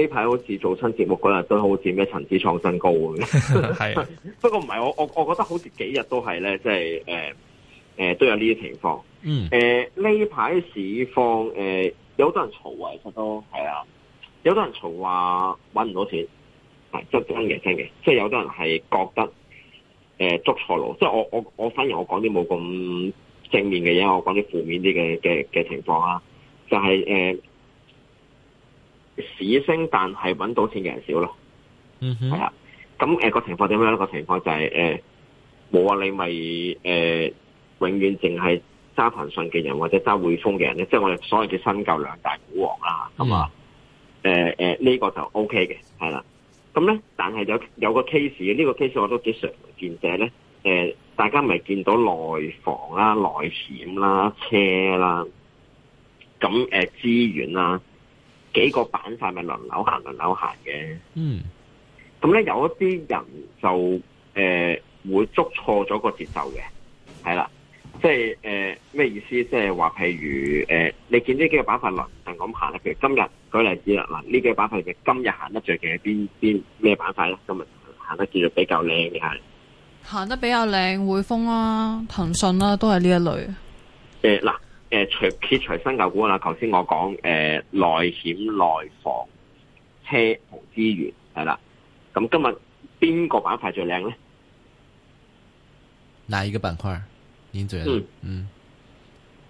呢排好似做親節目嗰日都好似咩層次創新高咁，係 不過唔係我我我覺得好似幾日都係咧，即係誒誒都有呢啲情況。嗯，誒呢排市況誒、呃、有好多人嘈啊，其實都係啊，有好多人嘈話搵唔到錢啊，即係真嘅真嘅，即係有好多人係覺得誒、呃、捉錯路。即係我我我反而我講啲冇咁正面嘅嘢，我講啲負面啲嘅嘅嘅情況啊，就係誒。呃市升，但係揾到錢嘅人少咯。嗯哼，係啊。咁、呃、個情況點樣咧？個情況就係冇話你咪、呃、永遠淨係揸騰訊嘅人或者揸匯豐嘅人咧，即係我哋所謂嘅新舊兩大股王啦。咁啊、呃、呃、呢個就 OK 嘅，係啦。咁咧，但係有有個 case 呢個 case 我都幾常見者咧、呃。大家咪見到內房啦、內險啦、車啦，咁、呃、資源啦。幾個板塊咪輪流行，輪流行嘅。嗯，咁咧有一啲人就誒、呃、會捉錯咗個節奏嘅，係啦，即係誒咩意思？即係話譬如誒、呃，你見呢幾個板塊輪流咁行咧，譬如今日舉例子啦，嗱，呢幾個板塊嘅今日行得最勁係邊邊咩板塊咧？今日行得叫做比較靚嘅係，行得比較靚，匯豐啦、騰訊啦，都係呢一類誒，嗱、呃。誒、呃，除撇除新舊股啦，頭先我講誒、呃，內險內房車同資源係啦。咁今日邊個板塊最靚咧？哪一個板塊？銀最嗯，嗯，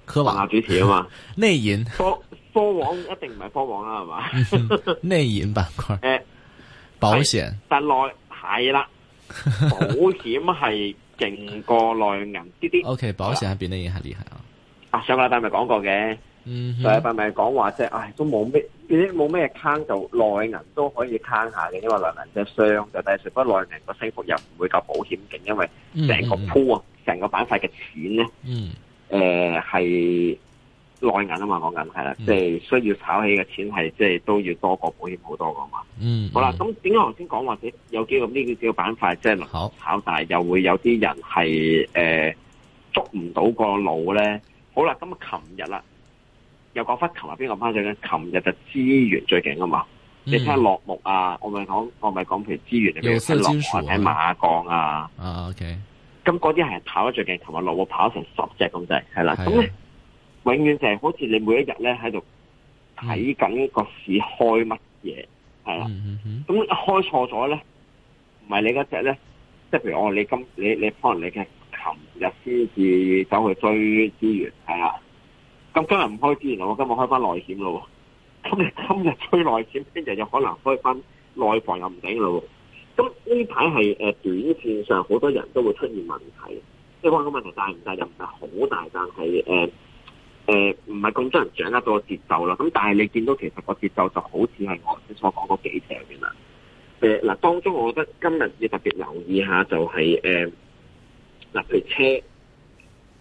科網主持啊嘛。 內銀科科網一定唔係科網啦，係嘛？內銀板塊。誒、 呃，保險。但內係啦，保險係勁過內銀啲啲。O、okay, K，保險係比內銀係厲害啊。 啊！上禮拜咪講過嘅，上禮拜咪講話即係，唉、哎，都冇咩，啲冇咩坑，就內銀都可以坑下嘅，因為內銀即係傷就但係除不內銀個升幅又唔會夠保險勁，因為成個鋪啊，成、mm-hmm. 個板塊嘅錢咧，誒、mm-hmm. 呃，係內銀啊嘛，講緊係啦，mm-hmm. 即係需要炒起嘅錢係即係都要多過保險好多噶嘛。嗯、mm-hmm.，好啦，咁點解頭先講話有幾咁呢個呢個板塊即係能炒，但又會有啲人係誒、呃、捉唔到個腦咧？好啦，咁啊，琴日啦，又講翻琴日邊個班最緊咧？琴日就資源最勁啊嘛，嗯、你聽下落木啊，我咪講，我咪講，譬如資源，有些金屬啊，睇馬鋼啊，啊 OK，咁嗰啲係跑得最勁。琴日落木跑成十隻咁滯，係啦，咁咧永遠就係好似你每一日咧喺度睇緊個市開乜嘢，係、嗯、啦，咁、嗯、開錯咗咧，唔係你一隻咧，即係譬如我你今你你，你可能你嘅。琴日先至走去追資源，係啊。咁今日唔開資源，我今日開翻內險咯。咁你今日追內險，聽日有可能開翻內房又唔定咯。咁呢排係誒短線上好多人都會出現問題，即係話個問題大唔大又唔係好大，但係誒唔係咁多人掌握到個節奏啦。咁但係你見到其實個節奏就好似係我所講嗰幾上邊啦。嗱、呃，當中我覺得今日要特別留意下就係、是、誒。呃嗱，譬如車，誒、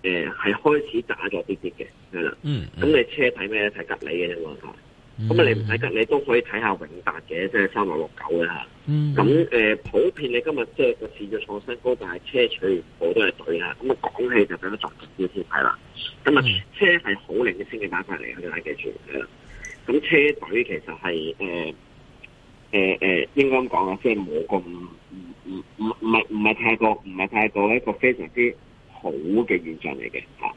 呃、係開始打咗啲啲嘅，係啦，咁你車睇咩咧？睇吉利嘅冇錯，咁、mm-hmm. 啊你唔使吉利都可以睇下永達嘅，即係三六六九啦，咁、mm-hmm. 誒、呃、普遍你今日即係個市要創新高，但係車取好、mm-hmm. 多係隊啦，咁啊廣汽就等咗十日先睇啦，咁啊車係好領先嘅板塊嚟嘅，大家記住係啦，咁車隊其實係誒。呃誒、呃、誒，應該咁講啊，即係冇咁唔唔唔係唔係太過唔係太過一個非常之好嘅現象嚟嘅吓。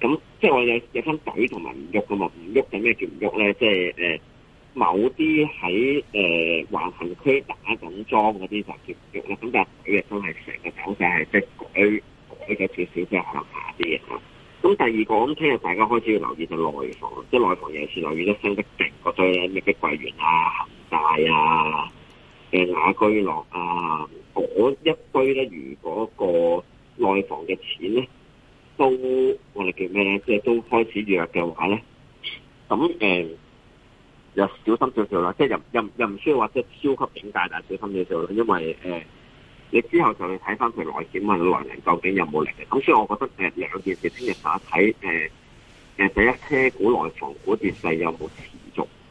咁即係我有有分隊同埋唔喐噶嘛？唔喐係咩叫唔喐咧？即係誒，某啲喺誒橫行區打緊樁嗰啲就叫喐啦。咁但係佢嘅真係成個走勢係即係改改咗少少即係向下啲啊。咁第二個咁聽日大家開始要留意就內房，即係內房有啲留意得升得勁，或者咩碧桂園啦、啊。大啊，嘅、欸、雅居樂啊，嗰一堆咧，如果個內房嘅錢咧都我哋叫咩咧，即係都開始弱嘅話咧，咁誒、欸、又小心少少啦，即係又又又唔需要話即係超級警戒，但小心少少啦，因為誒、欸、你之後就要睇翻佢內險，問佢來年究竟有冇嚟。咁所以我覺得誒兩、呃、件事，聽日睇睇誒誒第一，車股內房股跌勢有冇錢。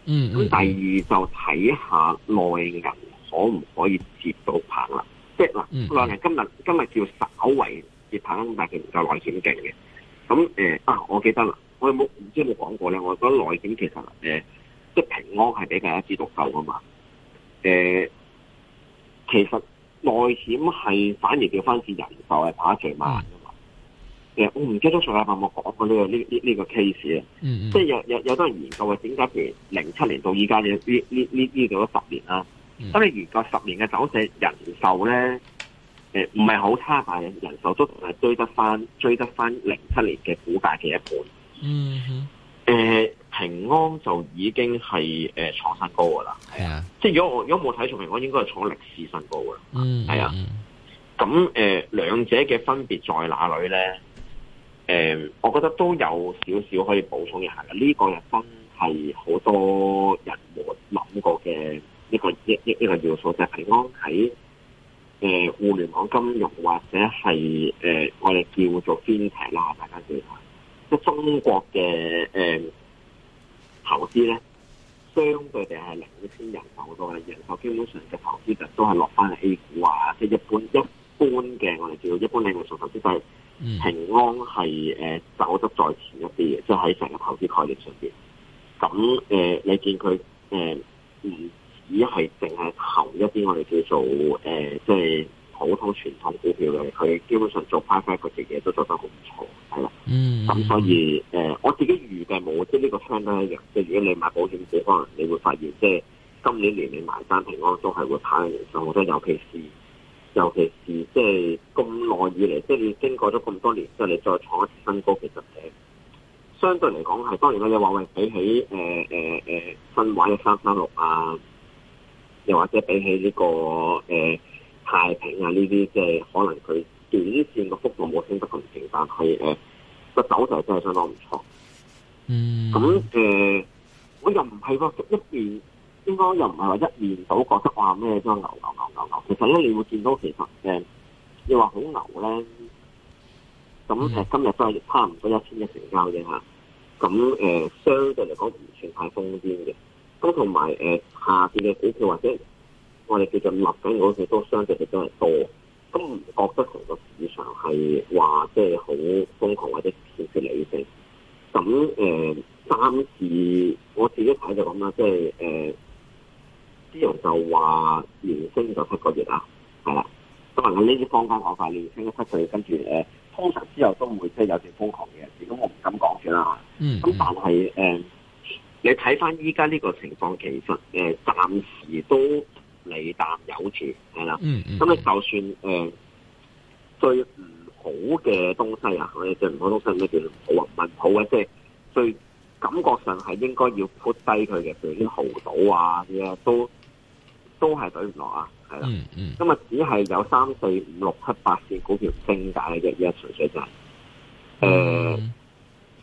嗯，咁第二就睇下內銀可唔可以接到棒啦，即係嗱，內銀今日今日叫稍為接棒，但係佢唔夠內險勁嘅，咁誒，啊、呃，我記得啦，我有冇唔知有冇講過咧？我覺得內險其實誒，即、呃、係平安係比較一枝獨秀啊嘛，誒，其實內險係反而叫翻次人壽係跑得最慢。誒、嗯，我唔記得咗上禮拜我講過呢、呢個呢呢呢個 case 啦，mm-hmm. 即係有有有多人研究話點解？譬如零七年到依家呢呢呢呢度咗十年啦，咁、mm-hmm. 你研究十年嘅走勢，人壽咧，誒唔係好差，但係人壽都係追得翻，追得翻零七年嘅股價嘅一半。嗯、mm-hmm. 呃，誒平安就已經係誒創新高噶啦，係啊，即係如果我如果冇睇錯，平安應該係創歷史新高噶啦，係、mm-hmm. 啊。咁誒、呃、兩者嘅分別在哪裡咧？誒、嗯，我覺得都有少少可以補充一下嘅。呢、這個又真係好多人冇諗過嘅一、這個一呢一個要素，就係、是、平安喺誒、呃、互聯網金融或者係誒、呃、我哋叫做堅企啦。大家注意下，即、就、係、是、中國嘅誒、呃、投資咧，相對地係零輕人手多，嘅人手，基本上嘅投資就都係落翻 A 股啊，即係一般一。一般嘅我哋叫一般理財做投資，就係平安係誒走得再前一啲嘅，即係喺成個投資概念上邊。咁誒、呃，你見佢誒唔止係淨係投一啲我哋叫做誒、呃，即係普通傳統股票嘅，佢基本上做 private 嘅嘢都做得好唔錯，係啦。嗯。咁、嗯、所以誒、呃，我自己預計冇即呢個 friend 都一樣，即係如果你買保險股，可能你會發現，即係今年年尾買單平安都係會跑贏上，所以我覺得有啲似。尤其是即係咁耐以嚟，即係你經過咗咁多年之後，即係你再創一次新高，其實誒，相對嚟講係。當然我有話喂，比起誒誒誒新華一三三六啊，又或者比起呢、這個誒、呃、太平啊呢啲，即係可能佢短線嘅幅度冇升得咁勁，但係誒個走勢真係相當唔錯。嗯。咁誒、呃，我又唔係喎，一邊。應該又唔係話一面倒覺得話咩都牛牛牛牛牛？其實咧你會見到其實，誒、嗯，你話好牛咧？咁、嗯、誒、嗯嗯、今日都係差唔多一千億成交啫嚇，咁誒、呃、相對嚟講唔算太瘋癲嘅。咁同埋誒，下跌嘅股票或者我哋叫做落緊嗰啲都相對嚟講係多，咁唔覺得成個市場係話即係好瘋狂或者少少理性。咁誒、呃，三次我自己睇就咁啦，即係誒。呃之後就話連升咗七個月啦，係啦，咁我呢啲坊間講法連升咗七個月。跟住誒、呃、通常之後都唔會即係有啲瘋狂嘅事，咁我唔敢講嘅啦。咁、mm-hmm. 但係、呃、你睇翻依家呢個情況，其實、呃、暫時都利淡有餘係啦。咁你、mm-hmm. 就算、呃、最唔好嘅東西啊，我哋最唔好東西咩叫雲雲好啊，即係最感覺上係應該要 put 低佢嘅，譬如啲豪賭啊啲啊都。都係對唔落啊，係啦，咁、嗯、啊、嗯、只係有三四五六七八線股票升價嘅啫，依個純粹就係誒，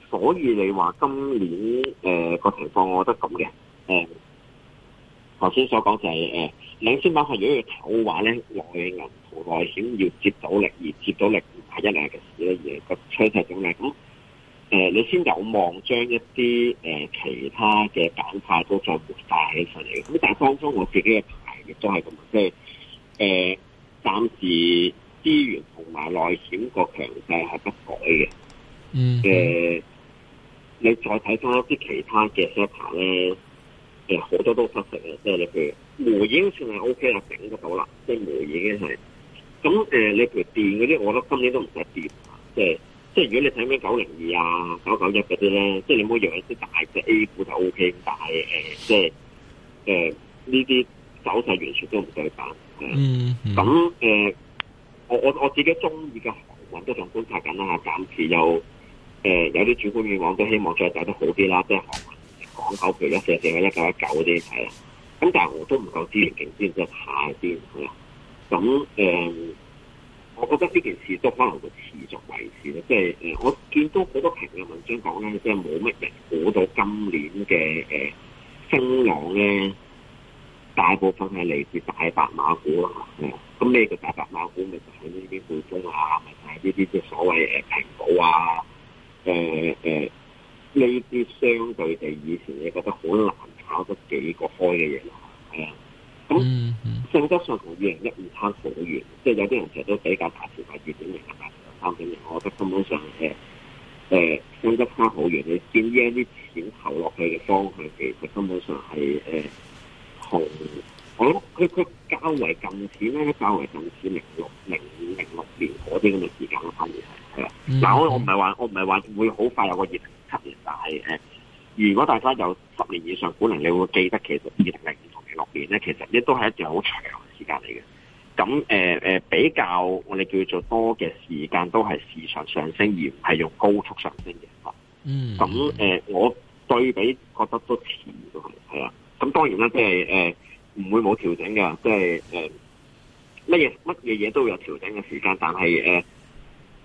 所以你話今年誒個、呃、情況，我覺得咁嘅誒，頭、呃、先所講就係、是、誒、呃，領先板係如果要炒嘅話咧，內銀、內險要接到力，而接到力唔係一兩日市嘅事，個趨勢總嘅。咁、呃、誒，你先有望將一啲誒、呃、其他嘅板塊都再活化起上嚟嘅，咁但係當中我自己嘅。亦都係咁，即係誒，暫、呃、時資源同埋內險個強勢係不改嘅。嗯，誒，你再睇翻一啲其他嘅 sector 咧，誒、呃，好多都失勢嘅。即係你譬如煤已經算係 O K 啦，整得到啦，即係煤已經係。咁誒、呃，你譬如電嗰啲，我覺得今年都唔使跌啊，即係即係如果你睇翻九零二啊、九九一嗰啲咧，即係你唔可以用一啲大隻 A 股就 O K 咁大嘅、呃，即係誒呢啲。呃走勢完全都唔對版，嗯，咁、嗯、誒、呃，我我我自己中意嘅航運都仲觀察緊啦吓，暫時又誒有啲、呃、主觀願望都希望再走得好啲啦，即係航運港口譬如一四四九、一九一九嗰啲係，咁但係我都唔夠資源勁，怕先至下跌係啦。咁誒、呃，我覺得呢件事都可能會持續維持咧，即係誒我見到好多評論文章講咧，即係冇乜人估到今年嘅誒升浪咧。大部分係嚟自大白馬股啊，係、嗯、啊，咁呢個大白馬股咪就係呢啲股中啊，咪就係呢啲即係所謂誒平保啊，誒誒呢啲相對地以前你覺得好難炒得幾個開嘅嘢啦，係啊，咁性質上同二零一二差好遠，即、就、係、是、有啲人其實都比較大市派二點零啊，大市派三點零，我覺得根本上誒誒性質差好遠，你見呢一啲錢投落去嘅方向，其實根本上係誒。嗯同我，佢佢較為近似咧，較為近似零六、零五、零六年嗰啲咁嘅時間嘅發現係啦。嗱、mm-hmm.，我我唔係話，我唔係話會好快有個零七年，但係誒、呃，如果大家有十年以上，可能你會記得，其實二零零五同零六年咧，其實呢都係一段好長嘅時間嚟嘅。咁誒、呃、比較我哋叫做多嘅時間都係市場上升，而唔係用高速上升嘅。嗯、mm-hmm.。咁、呃、誒，我對比覺得都似嘅，係啊。咁當然啦，即係誒唔會冇調整嘅，即係誒乜嘢乜嘢嘢都會有調整嘅、就是呃、時間，但係誒、呃、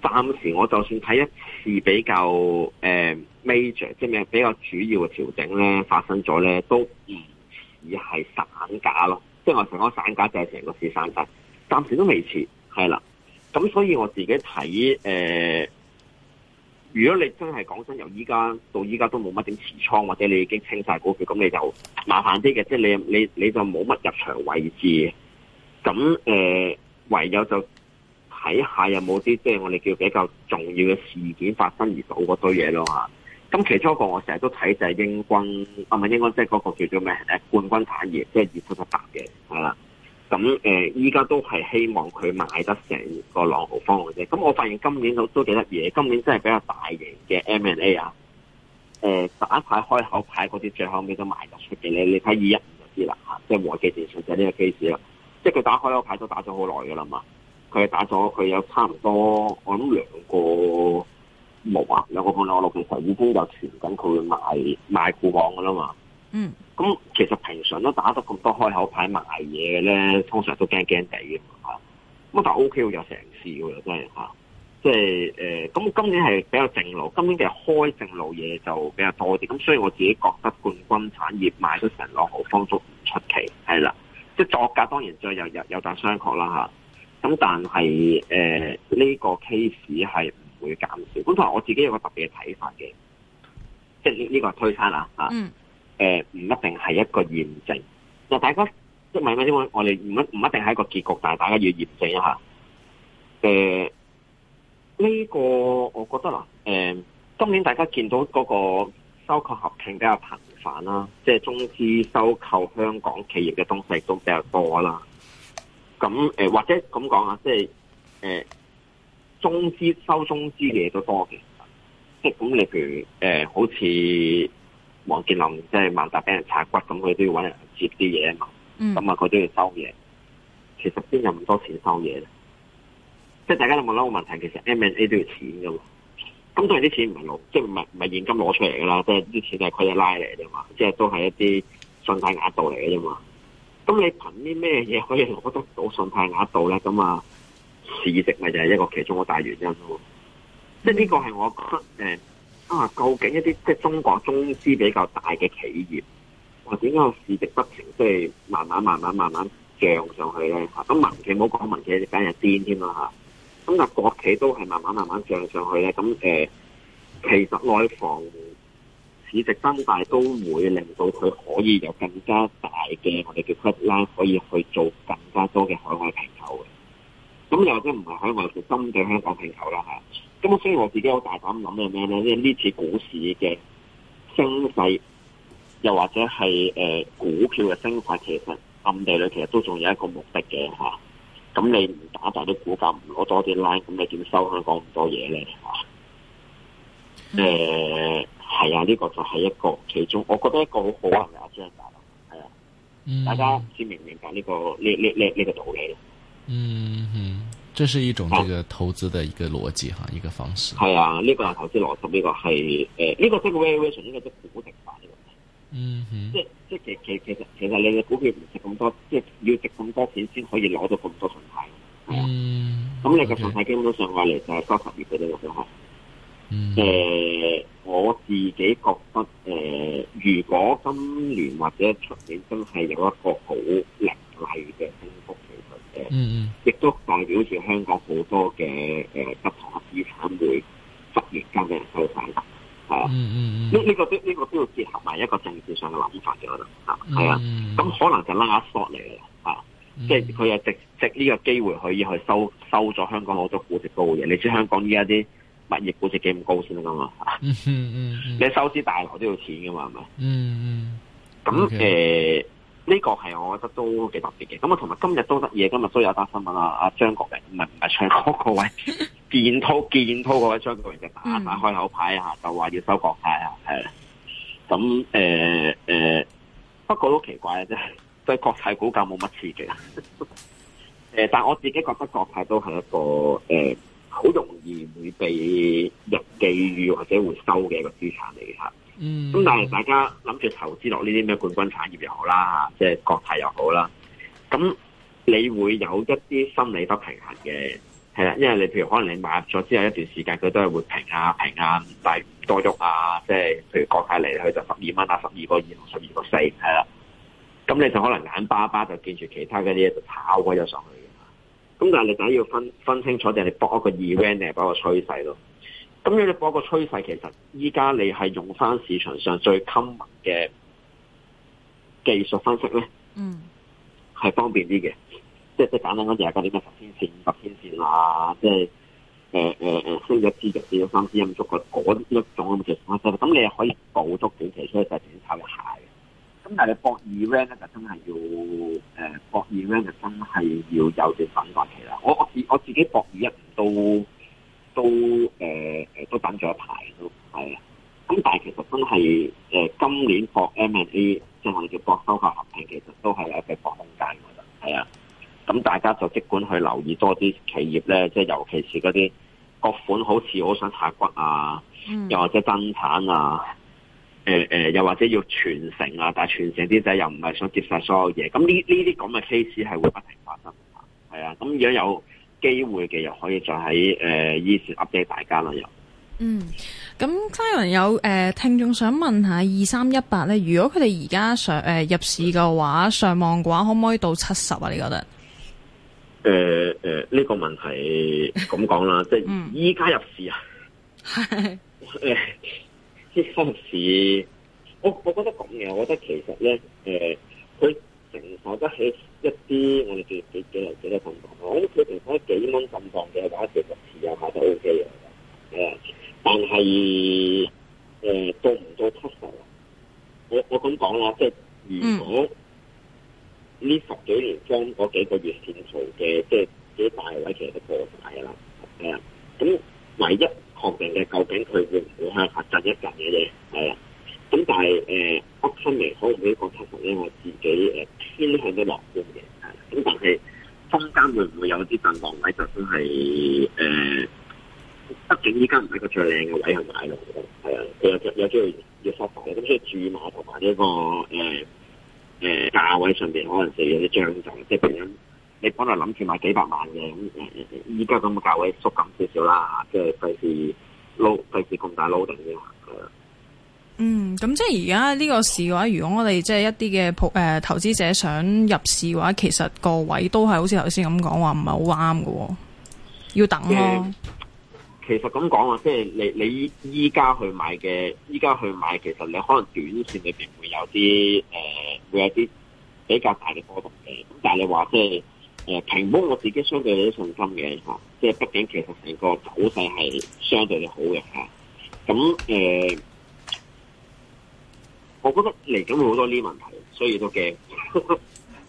暫時我就算睇一次比較誒、呃、major，即係咩比較主要嘅調整咧發生咗咧，都唔似係散假散架咯，即係我成個散架就係成個市散架，暫時都未似，係啦。咁所以我自己睇誒。呃如果你真係講真，由依家到依家都冇乜點持倉，或者你已經清晒股票，咁你就麻煩啲嘅，即係你你你就冇乜入場位置。咁誒、呃，唯有就睇下有冇啲即係我哋叫比較重要嘅事件發生而到嗰堆嘢咯嚇。咁其中一個我成日都睇就係英軍，啊唔係英軍，即係嗰個叫做咩？冠軍產業，即係二火特達嘅，係啦。咁誒，依、呃、家都係希望佢買得成個朗豪坊，或者咁。我發現今年都都幾得意，今年真係比較大型嘅 M&A 啊。呃、第一排開口牌嗰啲，最後尾都賣得出嘅。你睇二一五就知啦，即係和記電信就係呢個 case 啦。即係佢打開口牌都打咗好耐㗎啦嘛，佢係打咗佢有差唔多我諗兩個冇啊，兩個半兩六其時候已經就傳緊佢賣賣股網㗎啦嘛。嗯，咁其實平常都打得咁多開口牌賣嘢嘅咧，通常都驚驚地嘅嘛。咁但係 O K 喎，有成事喎，真係嚇。即係誒，咁、呃、今年係比較正路，今年嘅開正路嘢就比較多啲。咁所以我自己覺得冠軍產業賣咗成落豪方都唔出奇，係啦。即係作價當然再有有有啲商榷啦嚇。咁但係誒呢個 case 係唔會減少。咁同埋我自己有個特別嘅睇法嘅，即係呢個推測啊嚇。嗯誒、呃，唔一定係一個驗證，就大家即係問一問先，我哋唔一唔一定係一個結局，但係大家要驗證一下。誒、呃，呢、這個我覺得啦，誒、呃，今年大家見到嗰個收購合併比較頻繁啦，即係中資收購香港企業嘅東西都比較多啦。咁誒、呃，或者咁講啊，即係誒、呃，中資收中資嘅嘢都多嘅，即係咁，你譬如誒、呃，好似。王健林即係萬達俾人拆骨咁，佢都要搵人接啲嘢啊嘛，咁啊佢都要收嘢。其實邊有咁多錢收嘢？即係大家有冇諗到個問題，其實 M and A 都要錢噶嘛。咁當然啲錢唔係攞，即係唔係唔係現金攞出嚟噶啦，即係啲錢係佢哋拉嚟㗎嘛，即係都係一啲信貸額度嚟嘅啫嘛。咁你憑啲咩嘢可以攞得到信貸額度咧？咁啊市值咪就係一個其中個大原因咯、嗯。即係呢個係我覺得誒。啊、究竟一啲即係中國中資比較大嘅企業，或者個市值不停即係、就是、慢慢慢慢慢慢漲上去咧？咁民企好講，民企反而癲添啦嚇。咁啊，國企都係慢慢慢慢漲上去咧。咁誒、呃，其實內房市值增大都會令到佢可以有更加大嘅我哋叫 pullback 可以去做更加多嘅海外訂購嘅。咁又或者唔係海外就針對香港訂購啦嚇。啊咁所以我自己好大膽諗嘅咩咧？即係呢次股市嘅升勢，又或者係誒、呃、股票嘅升勢，其實暗地裏其實都仲有一個目的嘅吓。咁你唔打大啲股價，唔攞多啲 Line，咁你點收香港咁多嘢咧？吓？誒，係啊，打打呢啊、mm-hmm. 呃啊這個就係一個其中，我覺得一個好可能啊，阿 j a s 係啊，大家唔知明唔明白呢、這個呢呢呢呢個道理？嗯、mm-hmm. 這是一種這個投資的一個邏輯，啊、一個方式。係啊，呢、這個投資邏輯，呢、這個係誒，呢、呃這個即 valuation 呢個即係估值化問題、這個、嗯哼。即即其其其實其實你嘅股票唔值咁多，即係要值咁多錢先可以攞到咁多上派。嗯。咁你嘅信派基本上派嚟就係多十年嗰啲嘅上派。嗯。誒、呃，我自己覺得誒、呃，如果今年或者出年真係有一個好凌厲嘅升幅。嗯嗯，亦、嗯、都代表住香港好多嘅誒不同嘅資產會突然間俾人收曬啦、嗯嗯，啊嗯嗯嗯，咁、這、呢個都呢、這個都要結合埋一個政治上嘅諗法嘅嗰度嚇，係、嗯、啊，咁、嗯、可能就拉索嚟嘅嚇，即係佢係藉藉呢個機會可以去收收咗香港好多估值高嘅嘢，你知香港依家啲物業估值幾咁高先得噶嘛，嗯嗯嗯， 你收啲大樓都要錢噶嘛，係咪？嗯嗯，咁、嗯、誒。呢、這個係我覺得都幾特別嘅。咁啊，同埋今日都得嘢，今日都有單新聞啊。阿張國榮唔係唔係唱歌嗰位，建滔建滔嗰位張國榮就打打開口牌啊，就話要收國泰啊，係。咁誒誒，不過都奇怪啊，即係對國泰股價冇乜刺激。誒，但我自己覺得國泰都係一個誒，好、呃、容易會被人覬覦或者會收嘅一、那個資產嚟嘅嚇。嗯，咁但係大家諗住投資落呢啲咩冠軍產業又好啦，吓，即係國泰又好啦，咁你會有一啲心理不平衡嘅，係啦，因為你譬如可能你買入咗之後一段時間佢都係會平啊平啊，但係唔多喐啊，即係譬如國泰嚟去就十二蚊啊，十二個二啊，十二個四係啦，咁你就可能眼巴巴就見住其他嗰啲嘢就炒咗上去嘅，咁但係你就要分分清楚，定係搏一個 event 定係博個趨勢咯。咁樣你搏個趨勢，其實依家你係用翻市場上最 common 嘅技術分析咧，嗯，係方便啲嘅，即即簡單講就係點解十天線、五十天線啊，即係誒誒誒升咗一支就跌咗三支咁足嘅嗰一種嘅技術分析。咁你係可以捕捉短期，所以就點炒嘅鞋。咁但係博二 van 咧就真係要誒，博二 van 就真係要有啲品味嘅啦。我我自我自己博二一都。都誒、呃、都等咗一排都係啊，咁但係其實真係誒、呃、今年博 M&A，即係我哋叫博收購合併，其實都係有一個博空間㗎，係啊。咁大家就即管去留意多啲企業咧，即係尤其是嗰啲各款好似好想下骨啊、嗯，又或者增產啊，呃呃、又或者要傳承啊，但係傳承啲仔又唔係想接晒所有嘢，咁呢呢啲咁嘅 case 係會不停發生㗎，係啊，咁如果有機會嘅又可以再喺誒依時 update 畀大家啦又。嗯，咁 Simon 有誒、呃、聽眾想問下二三一八咧，如果佢哋而家上、呃、入市嘅話，上望嘅話，可唔可以到七十啊？你覺得？誒、呃、誒，呢、呃呢個問題咁講啦， 即係依家入市啊，誒， 啲 市，我我覺得咁嘅，我覺得其實咧，誒、呃，佢承受得起。一啲我哋叫、哦、幾幾嚟幾多平方，咁佢平開幾蚊咁磅嘅話，其實持有下就 O K 嘅，係、嗯、啊。但係誒、呃、到唔到七十，我我咁講啦，即、就、係、是、如果呢十幾年方嗰幾個月線圖嘅，即係幾大位其實都過晒啦，係、嗯、啊。咁、嗯、唯一確定嘅，究竟佢會唔會一百萬嘅咁，依家咁嘅價位縮緊少少啦，即係費事撈，費事咁大撈定啲。嗯，咁即係而家呢個市嘅話，如果我哋即係一啲嘅普誒投資者想入市嘅話，其實個位都係好似頭先咁講話，唔係好啱㗎，要等咯、嗯。其實咁講啊，即係你你依家去買嘅，依家去買，其實你可能短線裏邊會有啲誒、呃，會有啲比較大嘅波動嘅。咁但係你話即係。誒、呃，平保我自己相對有啲信心嘅吓、啊，即係畢竟其實成個走勢係相對嘅好嘅吓。咁、啊、誒、呃，我覺得嚟緊會好多呢啲問題，所以都驚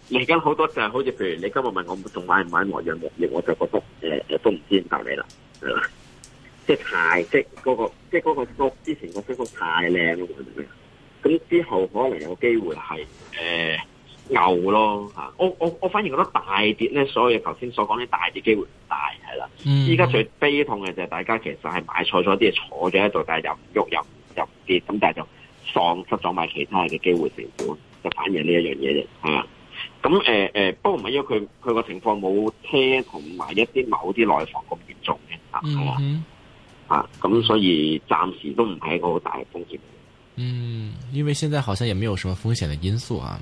嚟緊好多就係好似譬如你今日問我仲買唔買華潤物業，我就覺得誒誒、呃、都唔知點答你啦，係即係太即係、那、嗰個，即係、那、嗰個，我之前個睇法太靚，咁之後可能有機會係誒。呃牛咯吓，我我我反而覺得大跌咧，所以頭先所講啲大跌機會唔大係啦。嗯。依家最悲痛嘅就係大家其實係買錯咗啲嘢，坐咗喺度，但係又唔喐又又唔跌，咁但係就喪失咗買其他嘅機會成本，就反映呢一樣嘢啫。係、呃呃嗯、啊。咁誒誒，不過唔係因為佢佢個情況冇車同埋一啲某啲內房咁嚴重嘅吓。嗯嗯。吓，咁所以暫時都唔係一個好大嘅風險。嗯，因為現在好像也沒有什麼風險的因素啊。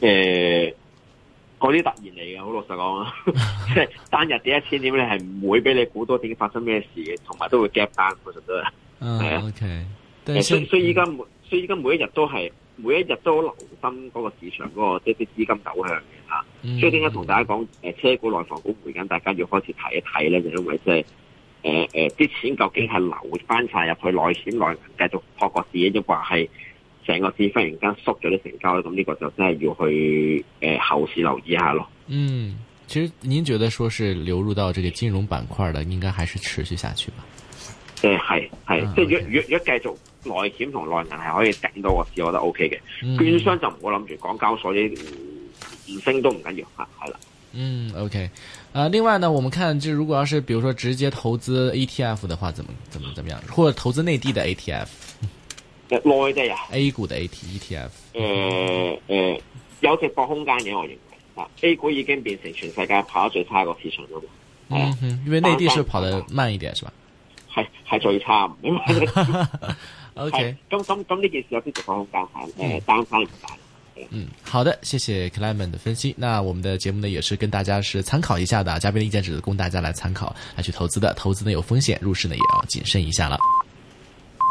誒、呃，嗰啲突然嚟嘅，好老實講，即 係單日跌一千點，你係唔會俾你估到點發生咩事嘅，同埋都會 gap down、oh, okay. 其實都係。啊、呃、OK。所以，所以依家每，所以依家每一日都係，每一日都好留心嗰個市場嗰個即啲資金走向啊、嗯。所以點解同大家講誒、呃，車股內、內房股回緊，大家要開始睇一睇咧，就是、因為即係，誒、呃、誒，啲、呃、錢究竟係流翻晒入去內錢內，繼續破國字抑或係。整個市忽然間縮咗啲成交咧，咁呢個就真係要去誒、呃、後市留意一下咯。嗯，其實您覺得說是流入到這個金融板塊的，應該還是持續下去吧？誒係係，即係如如果如果繼續內險同內銀係可以頂到個市，我覺得 O K 嘅。券商就唔好諗住港交所以唔升都唔緊要吓，係、啊、啦。嗯，O K。啊、okay. 呃，另外呢，我們看即如果要是，比如說直接投資 E T F 的話，怎麼怎麼怎麼樣，或者投資內地的 E T F。內地啊，A 股的 A T E T F，誒誒、呃呃，有直播空間嘅，我認為啊，A 股已經變成全世界跑得最差個市場啦嘛。嗯哼，因為內地是跑得慢一點，是吧？係係最差 ，OK，咁咁咁呢件事有啲直播空間，誒、嗯，單方面嗯，好的，謝謝 c l a m a n 的分析。那我們的節目呢，也是跟大家是參考一下的、啊，嘉賓的意見只是供大家來參考，嚟去投資的，投資呢有風險，入市呢也要謹慎一下啦。